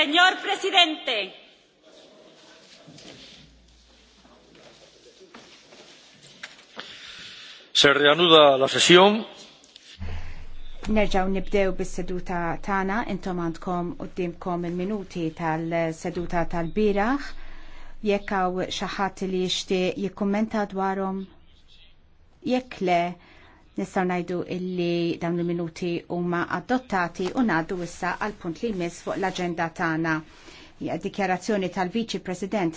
Señor presidente. Se reanuda la sesión. Nerġaw nibdew bis-seduta tagħna intom għandkom quddiemkom il-minuti tal-seduta tal-biraħ. Jekk hawn xi ħadd li jixtieq jikkummenta dwarhom jekk le Nistaw najdu illi dawn il-minuti huma adottati u ngħaddu issa għal punt li jmiss fuq l-aġenda tagħna. Dikjarazzjoni tal-Viċi President